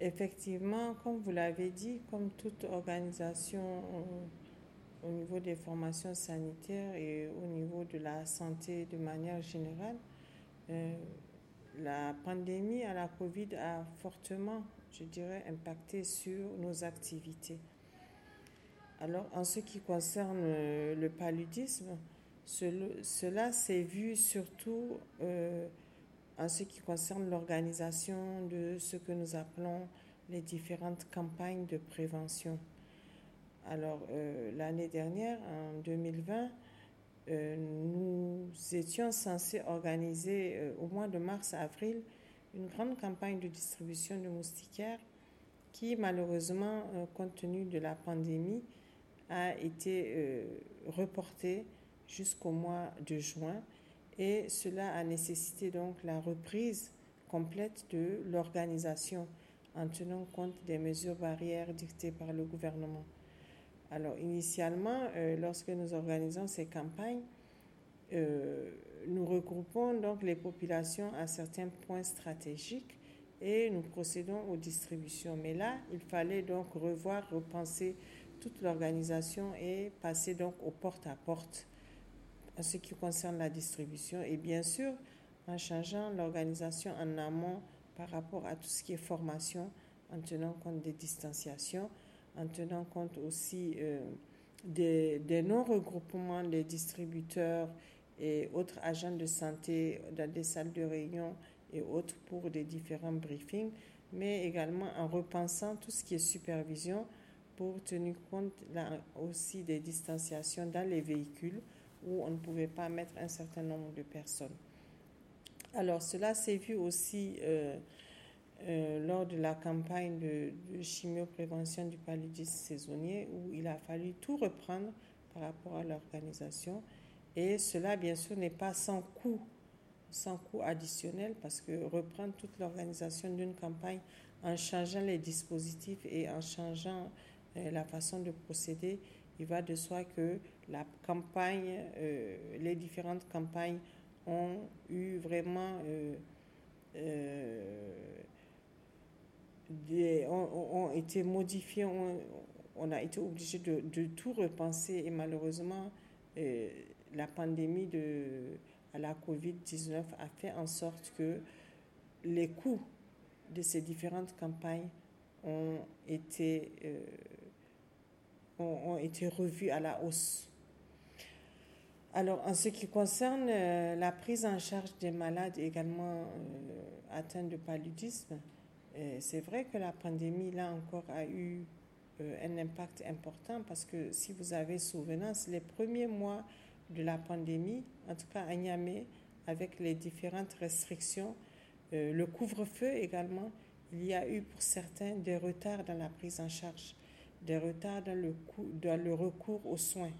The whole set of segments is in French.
Effectivement, comme vous l'avez dit, comme toute organisation euh, au niveau des formations sanitaires et au niveau de la santé de manière générale, euh, la pandémie à la COVID a fortement, je dirais, impacté sur nos activités. Alors, en ce qui concerne euh, le paludisme, cela s'est vu surtout en ce qui concerne l'organisation de ce que nous appelons les différentes campagnes de prévention. Alors, euh, l'année dernière, en 2020, euh, nous étions censés organiser euh, au mois de mars-avril une grande campagne de distribution de moustiquaires qui, malheureusement, compte tenu de la pandémie, a été reportée jusqu'au mois de juin et cela a nécessité donc la reprise complète de l'organisation en tenant compte des mesures barrières dictées par le gouvernement. Alors initialement, euh, lorsque nous organisons ces campagnes, euh, nous regroupons donc les populations à certains points stratégiques et nous procédons aux distributions. Mais là, il fallait donc revoir, repenser toute l'organisation et passer donc au porte-à-porte. portes à porte à porte en ce qui concerne la distribution et bien sûr en changeant l'organisation en amont par rapport à tout ce qui est formation, en tenant compte des distanciations, en tenant compte aussi euh, des, non-regroupements des distributeurs et autres agents de santé dans des salles de réunion et autres pour des différents briefings, mais également en repensant tout ce qui est supervision pour tenir compte aussi des distanciations dans les véhicules où on ne pouvait pas mettre un certain nombre de personnes. Alors cela s'est vu aussi euh, euh, lors de la campagne de, chimio-prévention du paludisme saisonnier où il a fallu tout reprendre par rapport à l'organisation. Et cela, bien sûr, n'est pas sans coût, sans coût additionnel, parce que reprendre toute l'organisation d'une campagne en changeant les dispositifs et en changeant euh, la façon de procéder, il va de soi que la campagne, euh, les différentes campagnes ont eu vraiment euh, euh, ont, été modifiées, on, a été obligé de, tout repenser et malheureusement la pandémie de à la COVID-19 a fait en sorte que les coûts de ces différentes campagnes ont été ont, été revus à la hausse. Alors, en ce qui concerne euh, la prise en charge des malades également euh, atteints de paludisme, euh, c'est vrai que la pandémie, là encore, a eu un impact important parce que si vous avez souvenance, les premiers mois de la pandémie, en tout cas à Niamey, avec les différentes restrictions, le couvre-feu également, il y a eu pour certains des retards dans la prise en charge des retards dans le, dans le recours aux soins.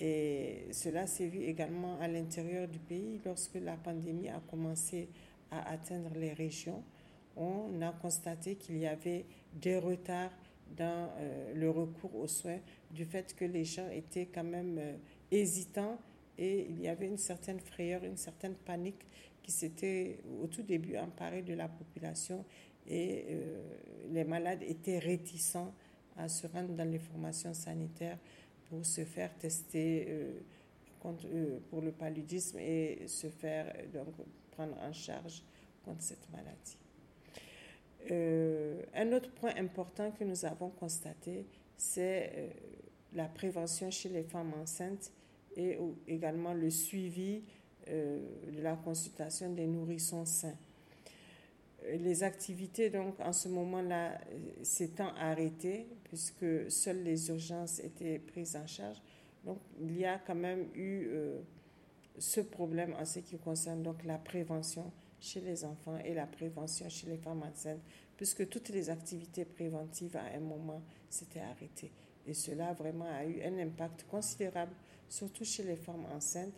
Et cela s'est vu également à l'intérieur du pays. Lorsque la pandémie a commencé à atteindre les régions, on a constaté qu'il y avait des retards dans euh, le recours aux soins du fait que les gens étaient quand même euh, hésitants et il y avait une certaine frayeur, une certaine panique qui s'était au tout début emparée de la population et euh, les malades étaient réticents à se rendre dans les formations sanitaires pour se faire tester euh, euh, pour le paludisme et se faire euh, donc prendre en charge contre cette maladie. un autre point important que nous avons constaté, c'est la prévention chez les femmes enceintes et également le suivi de la consultation des nourrissons sains les activités, donc, en ce moment-là, euh, s'étant arrêtées, puisque seules les urgences étaient prises en charge, donc, il y a quand même eu euh, ce problème en ce qui concerne donc la prévention chez les enfants et la prévention chez les femmes enceintes, puisque toutes les activités préventives à un moment s'étaient arrêtées. Et cela vraiment a eu un impact considérable, surtout chez les femmes enceintes,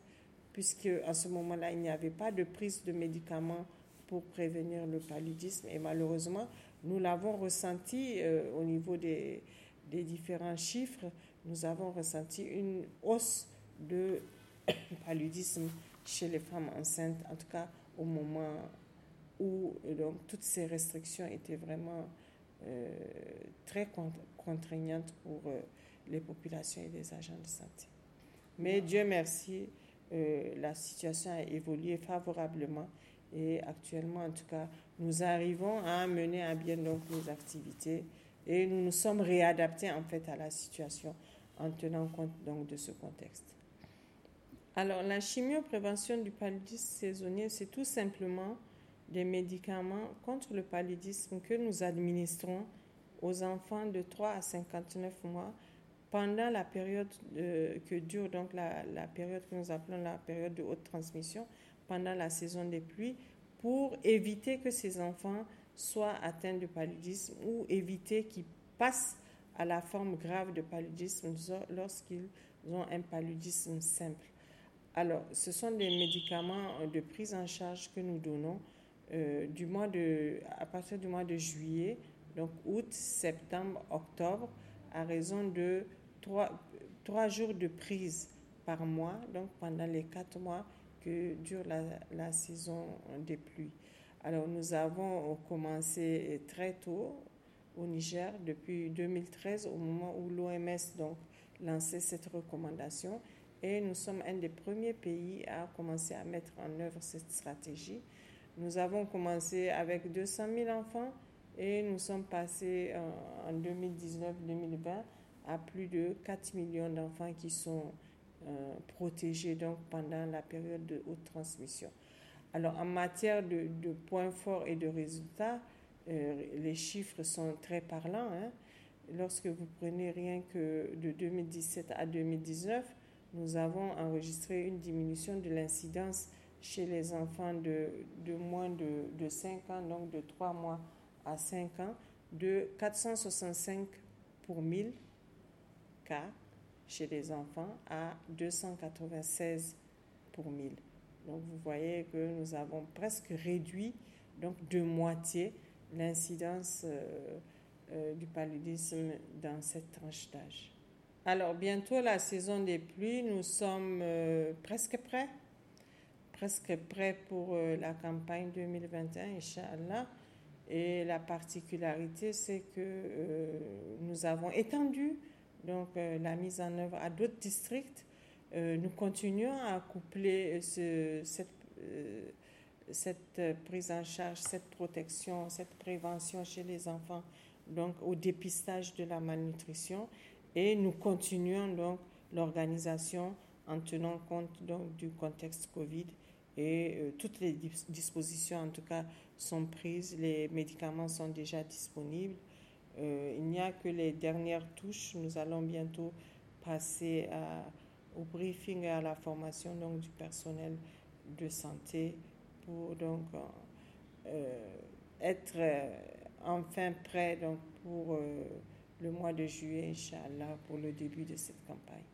puisque à ce moment-là, il n'y avait pas de prise de médicaments pour prévenir le paludisme. Et malheureusement, nous l'avons ressenti euh, au niveau des, des, différents chiffres. Nous avons ressenti une hausse de paludisme chez les femmes enceintes, en tout cas au moment où euh, donc, toutes ces restrictions étaient vraiment euh, très contraignantes pour les populations et les agents de santé. Mais Dieu merci, la situation a évolué favorablement et actuellement, en tout cas, nous arrivons à mener à bien donc nos activités et nous nous sommes réadaptés en fait à la situation en tenant compte donc de ce contexte. Alors, la chimio-prévention du paludisme saisonnier, c'est tout simplement des médicaments contre le paludisme que nous administrons aux enfants de 3 à 59 mois pendant la période euh, que dure donc la, période que nous appelons la période de haute transmission, pendant la saison des pluies pour éviter que ces enfants soient atteints de paludisme ou éviter qu'ils passent à la forme grave de paludisme lorsqu'ils ont un paludisme simple. Alors, ce sont des médicaments de prise en charge que nous donnons euh, du mois de, à partir du mois de juillet, donc août, septembre, octobre, à raison de trois jours de prise par mois, donc pendant les quatre mois que dure la, saison des pluies. Alors nous avons commencé euh, très tôt au Niger, depuis 2013, au moment où l'OMS donc lançait cette recommandation. Et nous sommes un des premiers pays à commencer à mettre en œuvre cette stratégie. Nous avons commencé avec 200 000 enfants et nous sommes passés euh, en 2019-2020 à plus de 4 millions d'enfants qui sont euh, protégés donc, pendant la période de haute transmission. Alors en matière de, points forts et de résultats, euh, les chiffres sont très parlants. Hein. Lorsque vous prenez rien que de 2017 à 2019, nous avons enregistré une diminution de l'incidence chez les enfants de, moins de, de, 5 ans, donc de 3 mois à 5 ans, de 465 pour 1000 cas chez les enfants à 296 pour 1000. Donc vous voyez que nous avons presque réduit donc de moitié l'incidence euh, euh, du paludisme dans cette tranche d'âge. Alors bientôt la saison des pluies, nous sommes euh, presque prêts, presque prêts pour la campagne 2021, Inch'Allah. Et la particularité, c'est que nous avons étendu donc euh, la mise en œuvre à d'autres districts. Euh, nous continuons à coupler euh, ce, cette, prise en charge, cette protection, cette prévention chez les enfants, donc au dépistage de la malnutrition. Et nous continuons donc l'organisation en tenant compte donc du contexte Covid et toutes les dispositions en tout cas sont prises, les médicaments sont déjà disponibles euh, il n'y a que les dernières touches. Nous allons bientôt passer euh, au briefing et à la formation donc, du personnel de santé pour donc, euh, être enfin prêt donc, pour le mois de juillet, Inch'Allah, pour le début de cette campagne.